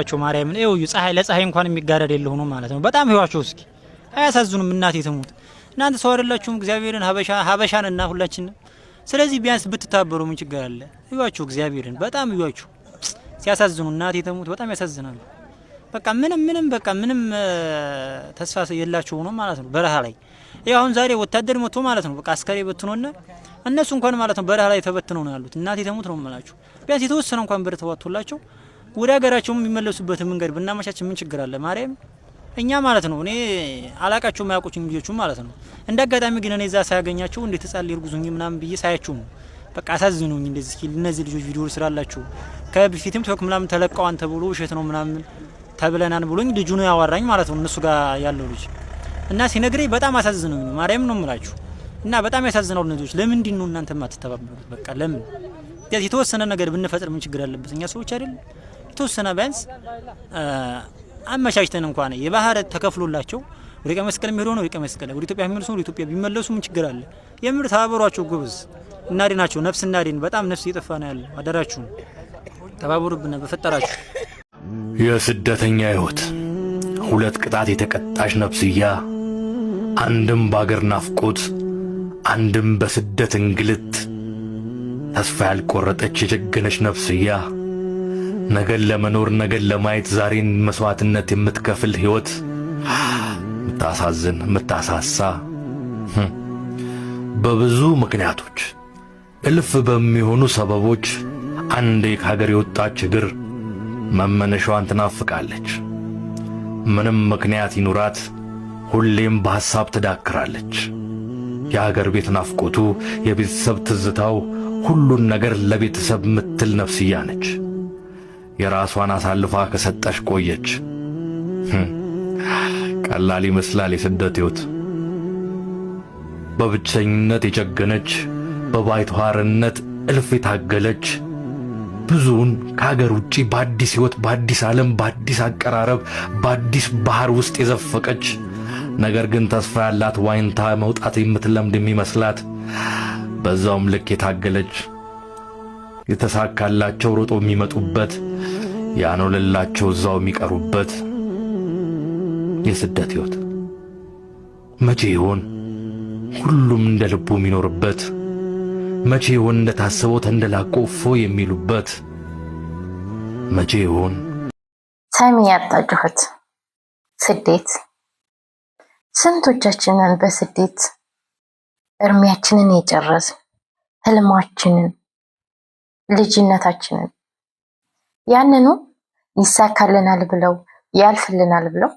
ያቸው ማርያምን እዩ ፀሐይ ለፀሐይ እንኳን የሚጋረድ የለ ሆኖ ማለት ነው። በጣም ህዋቸው እስኪ አያሳዝኑም? እናቴ ትሙት እናንተ ሰው አይደላችሁም? እግዚአብሔርን ሀበሻ ሀበሻን እና ሁላችንም። ስለዚህ ቢያንስ ብትታበሩ ምን ችግር አለ? ህዋቸው እግዚአብሔርን በጣም ህዋቸው ሲያሳዝኑ፣ እናቴ ትሙት በጣም ያሳዝናሉ። በቃ ምንም ምንም በቃ ምንም ተስፋ የላቸው ሆኖ ማለት ነው። በረሃ ላይ ያው አሁን ዛሬ ወታደር መጥቶ ማለት ነው በቃ አስከሬ በትኖና እነሱ እንኳን ማለት ነው በረሃ ላይ ተበትነው ነው ያሉት። እናቴ ትሙት ነው የምላችሁ። ቢያንስ የተወሰነ እንኳን ብር ተዋቶላቸው ወደ ሀገራቸው የሚመለሱበትን መንገድ ብናመቻች ምን ችግር አለ? ማርያም እኛ ማለት ነው። እኔ አላቃቸው ማያውቁችም ልጆቹ ማለት ነው። እንደ አጋጣሚ ግን እኔ እዛ ሳያገኛቸው እንዴት ህጻን ሊርጉዙኝ ምናምን ብዬ ሳያቸው ነው በቃ አሳዝኑኝ። እንደዚህ እስኪ እነዚህ ልጆች ቪዲዮ ስላላቸው ከበፊትም ቶክ ምናምን ተለቀዋን ተብሎ ውሸት ነው ምናምን ተብለናን ብሎኝ ልጁ ነው ያዋራኝ ማለት ነው። እነሱ ጋር ያለው ልጅ እና ሲነግረኝ በጣም አሳዝኑኝ ማርያም ነው ምላችሁ እና በጣም ያሳዝናሉ ልጆች። ለምንድን ነው እናንተ ማትተባበሩት? በቃ ለምን የተወሰነ ነገር ብንፈጥር ምን ችግር አለበት? እኛ ሰዎች አይደለም የተወሰነ ቢያንስ አመቻችተን እንኳን የባህር ተከፍሎላቸው ወደ ቀይ መስቀል የሚሄዱ ነው ወደ ቀይ መስቀል፣ ወደ ኢትዮጵያ የሚመልሱ ወደ ኢትዮጵያ ቢመለሱ ምን ችግር አለ? የምር ተባበሯቸው። ጎበዝ እናዴናቸው። ነፍስ እናዴን። በጣም ነፍስ እየጠፋ ነው ያለው። አደራችሁን ተባበሩብን በፈጠራችሁ። የስደተኛ ህይወት ሁለት ቅጣት የተቀጣች ነፍስያ፣ አንድም በአገር ናፍቆት፣ አንድም በስደት እንግልት ተስፋ ያልቆረጠች የጀገነች ነፍስያ ነገን ለመኖር ነገን ለማየት ዛሬን መስዋዕትነት የምትከፍል ህይወት የምታሳዝን የምታሳሳ hm፣ በብዙ ምክንያቶች እልፍ በሚሆኑ ሰበቦች አንዴ ከሀገር የወጣች እግር መመነሻዋን ትናፍቃለች። ምንም ምክንያት ይኑራት፣ ሁሌም በሐሳብ ትዳክራለች። የሀገር ቤት ናፍቆቱ፣ የቤተሰብ ትዝታው፣ ሁሉን ነገር ለቤተሰብ ምትል ነፍስያ ነች። የራሷን አሳልፋ ከሰጠሽ ቆየች። ቀላል ይመስላል የስደት ሕይወት። በብቸኝነት የጨገነች በባይተዋርነት እልፍ የታገለች ብዙውን ከሀገር ውጪ በአዲስ ሕይወት በአዲስ ዓለም በአዲስ አቀራረብ በአዲስ ባህር ውስጥ የዘፈቀች ነገር ግን ተስፋ ያላት ዋይንታ መውጣት የምትለምድ የሚመስላት በዛውም ልክ የታገለች የተሳካላቸው ሮጦ የሚመጡበት ያኖለላቸው እዛው የሚቀሩበት የስደት ሕይወት መቼ ይሆን ሁሉም እንደ ልቡ የሚኖርበት? መቼ ይሆን እንደ ታሰበው ተንደላቆ የሚሉበት? መቼ ይሆን ሰሚ ያጣጩኸት ስደት ስንቶቻችንን በስደት እርሜያችንን የጨረስን ህልማችንን ልጅነታችንን ያንኑ ይሳካልናል ብለው ያልፍልናል ብለው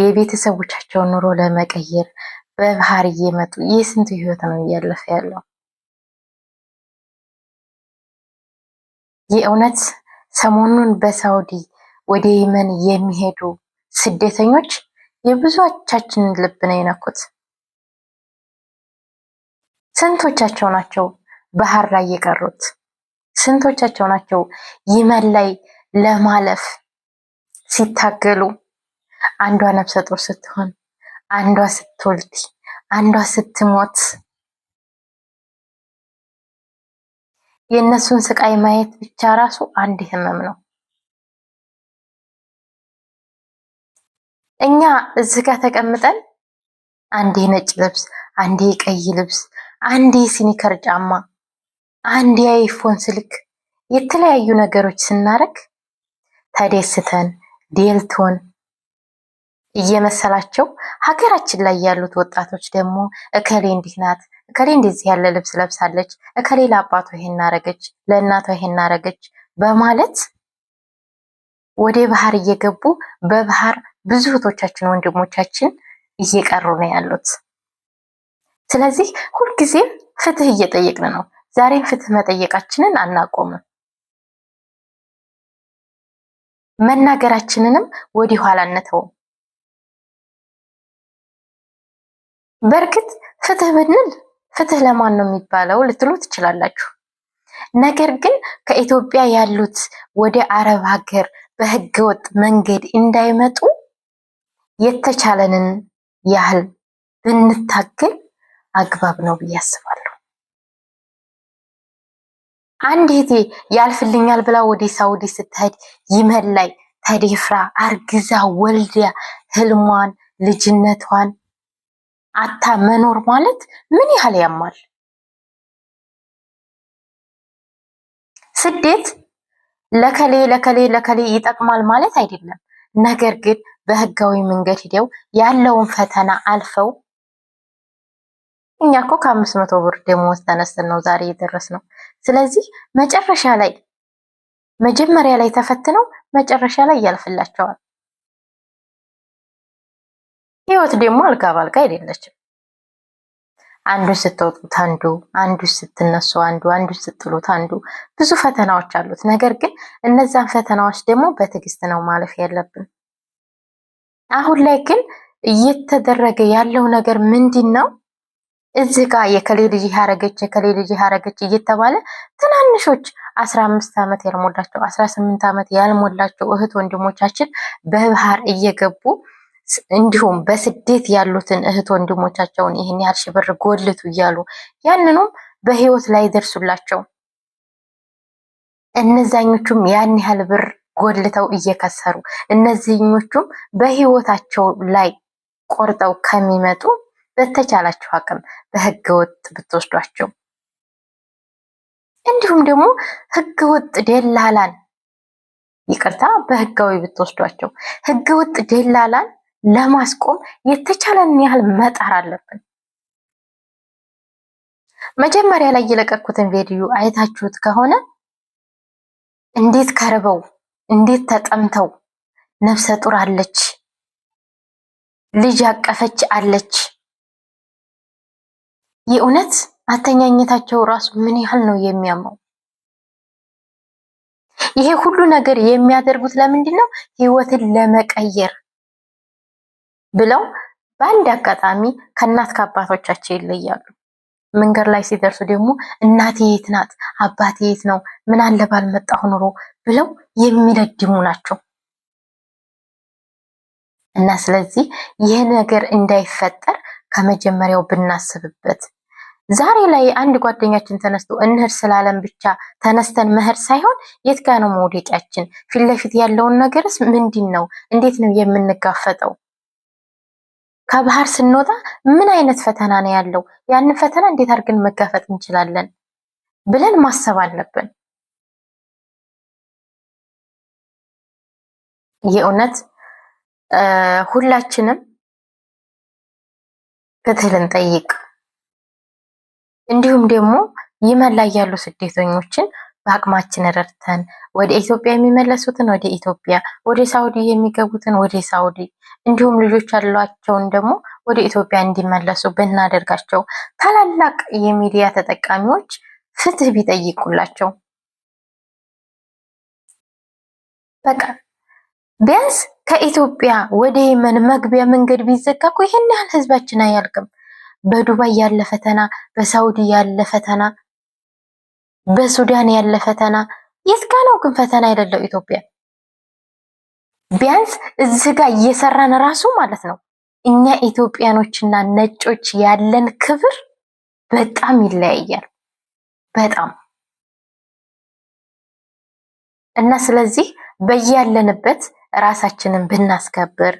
የቤተሰቦቻቸውን ኑሮ ለመቀየር በባህር እየመጡ የስንቱ ህይወት ነው እያለፈ ያለው። የእውነት ሰሞኑን በሳውዲ ወደ የመን የሚሄዱ ስደተኞች የብዙዎቻችንን ልብ ነው የነኩት። ስንቶቻቸው ናቸው ባህር ላይ የቀሩት? ስንቶቻቸው ናቸው ይመን ላይ ለማለፍ ሲታገሉ አንዷ ነፍሰ ጡር ስትሆን፣ አንዷ ስትወልድ፣ አንዷ ስትሞት የእነሱን ስቃይ ማየት ብቻ ራሱ አንድ ህመም ነው። እኛ እዚህ ጋር ተቀምጠን አንዴ ነጭ ልብስ፣ አንዴ ቀይ ልብስ፣ አንዴ ሲኒከር ጫማ አንድ የአይፎን ስልክ የተለያዩ ነገሮች ስናደርግ ተደስተን ዴልቶን እየመሰላቸው ሀገራችን ላይ ያሉት ወጣቶች ደግሞ እከሌ እንዲህ ናት፣ እከሌ እንደዚህ ያለ ልብስ ለብሳለች፣ እከሌ ለአባቷ ይሄን አረገች፣ ለእናቷ ይሄን አረገች በማለት ወደ ባህር እየገቡ በባህር ብዙ እህቶቻችን ወንድሞቻችን እየቀሩ ነው ያሉት። ስለዚህ ሁልጊዜም ፍትህ እየጠየቅን ነው። ዛሬም ፍትህ መጠየቃችንን አናቆምም። መናገራችንንም ወዲህ ኋላ አንተውም። በእርግጥ ፍትህ ብንል ፍትህ ለማን ነው የሚባለው ልትሉ ትችላላችሁ። ነገር ግን ከኢትዮጵያ ያሉት ወደ አረብ ሀገር በህገወጥ መንገድ እንዳይመጡ የተቻለንን ያህል ብንታገል አግባብ ነው ብዬ አስባለሁ። አንድ ያልፍልኛል ብላ ወደ ሳውዲ ስትሄድ ይመን ላይ ተደፍራ አርግዛ ወልዲያ ህልሟን ልጅነቷን አታ መኖር ማለት ምን ያህል ያማል። ስደት ለከሌ ለከሌ ለከሌ ይጠቅማል ማለት አይደለም። ነገር ግን በህጋዊ መንገድ ሂደው ያለውን ፈተና አልፈው እኛ እኮ ከአምስት መቶ ብር ደሞዝ ተነስተን ነው ዛሬ የደረስነው። ስለዚህ መጨረሻ ላይ መጀመሪያ ላይ ተፈትነው መጨረሻ ላይ ያልፍላቸዋል። ህይወት ደግሞ አልጋ ባልጋ አይደለችም። አንዱ ስትወጡት አንዱ አንዱ ስትነሱ አንዱ አንዱ ስትሉት አንዱ ብዙ ፈተናዎች አሉት። ነገር ግን እነዛን ፈተናዎች ደግሞ በትዕግስት ነው ማለፍ ያለብን። አሁን ላይ ግን እየተደረገ ያለው ነገር ምንድን ነው? እዚህ ጋር የከሌ ልጅ ያረገች የከሌ ልጅ ያረገች እየተባለ ትናንሾች አስራ አምስት ዓመት ያልሞላቸው አስራ ስምንት ዓመት ያልሞላቸው እህት ወንድሞቻችን በባህር እየገቡ እንዲሁም በስደት ያሉትን እህት ወንድሞቻቸውን ይህን ያህል ሺህ ብር ጎልቱ እያሉ ያንኑም በህይወት ላይ ደርሱላቸው እነዛኞቹም ያን ያህል ብር ጎልተው እየከሰሩ እነዚህኞቹም በህይወታቸው ላይ ቆርጠው ከሚመጡ በተቻላችሁ አቅም በህገ ወጥ ብትወስዷቸው፣ እንዲሁም ደግሞ ህገ ወጥ ደላላን ይቅርታ፣ በህጋዊ ብትወስዷቸው፣ ህገ ወጥ ደላላን ለማስቆም የተቻለን ያህል መጣር አለብን። መጀመሪያ ላይ የለቀኩትን ቪዲዮ አይታችሁት ከሆነ እንዴት ከርበው እንዴት ተጠምተው ነፍሰ ጡር አለች፣ ልጅ ያቀፈች አለች የእውነት አተኛኘታቸው ራሱ ምን ያህል ነው የሚያመው? ይሄ ሁሉ ነገር የሚያደርጉት ለምንድን ነው? ህይወትን ለመቀየር ብለው በአንድ አጋጣሚ ከእናት ከአባቶቻቸው ይለያሉ። መንገድ ላይ ሲደርሱ ደግሞ እናቴ የት ናት? አባቴ የት ነው? ምን አለ ባልመጣሁ ኑሮ ብለው የሚረድሙ ናቸው። እና ስለዚህ ይህ ነገር እንዳይፈጠር ከመጀመሪያው ብናስብበት ዛሬ ላይ አንድ ጓደኛችን ተነስቶ እንህር ስላለን ብቻ ተነስተን መህር ሳይሆን የት ጋ ነው መውደቂያችን? ፊት ለፊት ያለውን ነገርስ ምንድን ነው? እንዴት ነው የምንጋፈጠው? ከባህር ስንወጣ ምን አይነት ፈተና ነው ያለው? ያንን ፈተና እንዴት አድርገን መጋፈጥ እንችላለን ብለን ማሰብ አለብን። የእውነት ሁላችንም ፍትህ ልንጠይቅ እንዲሁም ደግሞ የመን ላይ ያሉ ስደተኞችን በአቅማችን ረድተን ወደ ኢትዮጵያ የሚመለሱትን ወደ ኢትዮጵያ፣ ወደ ሳውዲ የሚገቡትን ወደ ሳውዲ፣ እንዲሁም ልጆች ያሏቸውን ደግሞ ወደ ኢትዮጵያ እንዲመለሱ ብናደርጋቸው ታላላቅ የሚዲያ ተጠቃሚዎች ፍትህ ቢጠይቁላቸው በቃ ቢያንስ ከኢትዮጵያ ወደ የመን መግቢያ መንገድ ቢዘጋ እኮ ይህን ያህል ህዝባችን አያልቅም። በዱባይ ያለ ፈተና፣ በሳውዲ ያለ ፈተና፣ በሱዳን ያለ ፈተና የስጋ ነው። ግን ፈተና አይደለው። ኢትዮጵያ ቢያንስ እዚህ ጋር እየሰራን ራሱ ማለት ነው እኛ ኢትዮጵያኖችና ነጮች ያለን ክብር በጣም ይለያያል። በጣም እና ስለዚህ በያለንበት ራሳችንን ብናስከብር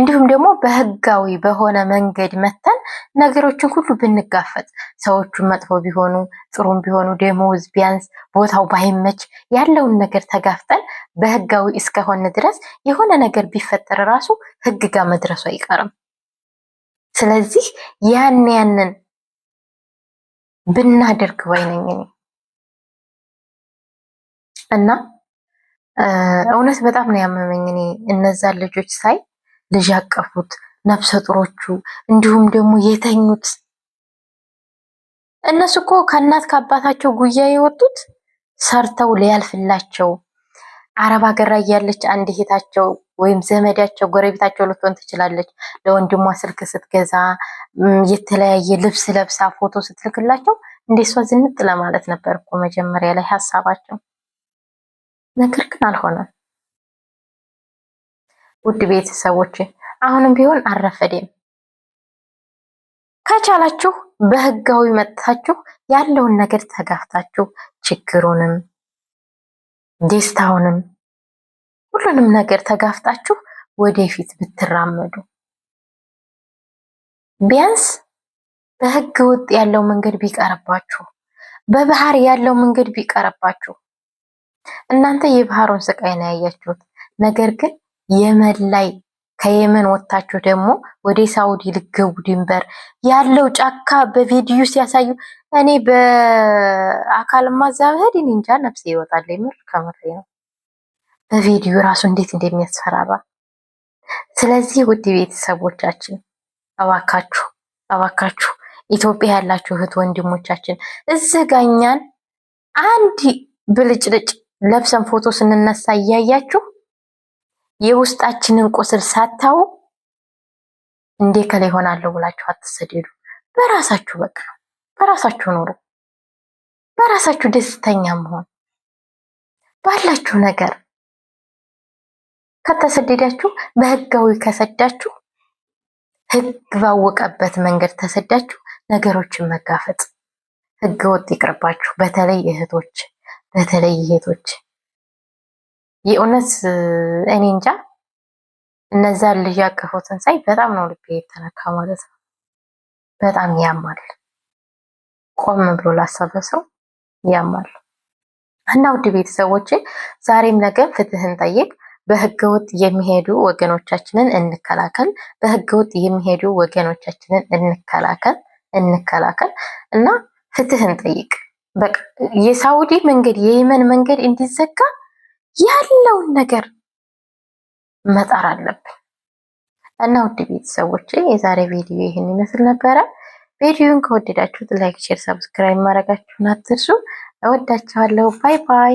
እንዲሁም ደግሞ በህጋዊ በሆነ መንገድ መተን ነገሮችን ሁሉ ብንጋፈጥ ሰዎቹ መጥፎ ቢሆኑ ጥሩም ቢሆኑ ደሞዝ ቢያንስ ቦታው ባይመች ያለውን ነገር ተጋፍጠን በህጋዊ እስከሆነ ድረስ የሆነ ነገር ቢፈጠር ራሱ ህግ ጋር መድረሱ አይቀርም። ስለዚህ ያን ያንን ብናደርግ ባይነኝ እና እውነት በጣም ነው ያመመኝ። እኔ እነዛን ልጆች ሳይ ልጅ ያቀፉት ነፍሰ ጡሮቹ፣ እንዲሁም ደግሞ የተኙት እነሱ እኮ ከእናት ከአባታቸው ጉያ የወጡት ሰርተው ሊያልፍላቸው አረብ ሀገር ላይ ያለች አንድ እህታቸው ወይም ዘመዳቸው ጎረቤታቸው ልትሆን ትችላለች። ለወንድሟ ስልክ ስትገዛ የተለያየ ልብስ ለብሳ ፎቶ ስትልክላቸው እንደ እሷ ዝንጥ ለማለት ነበር እኮ መጀመሪያ ላይ ሀሳባቸው። ነገር ግን አልሆነም። ውድ ቤተሰቦች አሁንም ቢሆን አረፈዴም። ከቻላችሁ በህጋዊ መጥታችሁ ያለውን ነገር ተጋፍታችሁ ችግሩንም ደስታውንም ሁሉንም ነገር ተጋፍታችሁ ወደፊት ብትራመዱ ቢያንስ በህግ ውጥ ያለው መንገድ ቢቀርባችሁ፣ በባህር ያለው መንገድ ቢቀርባችሁ እናንተ የባህሩን ስቃይ ነው ያያችሁት። ነገር ግን የመን ላይ ከየመን ወጥታችሁ ደግሞ ወደ ሳውዲ ልገቡ ድንበር ያለው ጫካ በቪዲዮ ሲያሳዩ እኔ በአካል ማዛበድ እንጃ ነፍሴ ይወጣል። የምር ከምሬ ነው። በቪዲዮ ራሱ እንዴት እንደሚያስፈራራ። ስለዚህ ውድ ቤተሰቦቻችን እባካችሁ እባካችሁ ኢትዮጵያ ያላችሁ እህት ወንድሞቻችን እዚህ ጋኛን አንድ ብልጭልጭ ለብሰን ፎቶ ስንነሳ እያያችሁ የውስጣችንን ቁስል ሳታው እንዴ ከላይ ይሆናለሁ ብላችሁ አትሰደዱ። በራሳችሁ በቃ በራሳችሁ ኑሩ። በራሳችሁ ደስተኛ መሆን ባላችሁ ነገር ከተሰደዳችሁ በህጋዊ ከሰዳችሁ ህግ ባወቀበት መንገድ ተሰዳችሁ ነገሮችን መጋፈጥ ህገ ወጥ ይቅርባችሁ። በተለይ እህቶች በተለይ ሴቶች የእውነት እኔ እንጃ እነዛን ልጅ ያቀፉትን ሳይ በጣም ነው ልቤ የተነካ ማለት ነው። በጣም ያማል። ቆም ብሎ ላሰበ ሰው ያማል። እና ውድ ቤተሰቦች ዛሬም ነገር ፍትህን ጠይቅ። በህገወጥ የሚሄዱ ወገኖቻችንን እንከላከል። በህገ ውጥ የሚሄዱ ወገኖቻችንን እንከላከል እንከላከል እና ፍትህን ጠይቅ። በቃ የሳውዲ መንገድ የየመን መንገድ እንዲዘጋ ያለውን ነገር መጣር አለብን። እና ውድ ቤተሰቦች የዛሬ ቪዲዮ ይህን ይመስል ነበረ። ቪዲዮን ከወደዳችሁት ላይክ፣ ሼር፣ ሰብስክራይብ ማድረጋችሁን አትርሱ። እወዳችኋለሁ። ባይ ባይ።